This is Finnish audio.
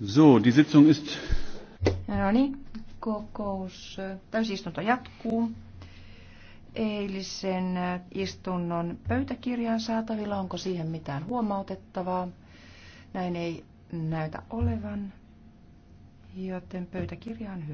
So, die Sitzung ist... No niin, kokous, täysistunto jatkuu. Eilisen istunnon pöytäkirjan saatavilla, onko siihen mitään huomautettavaa? Näin ei näytä olevan, joten pöytäkirja on hyvä.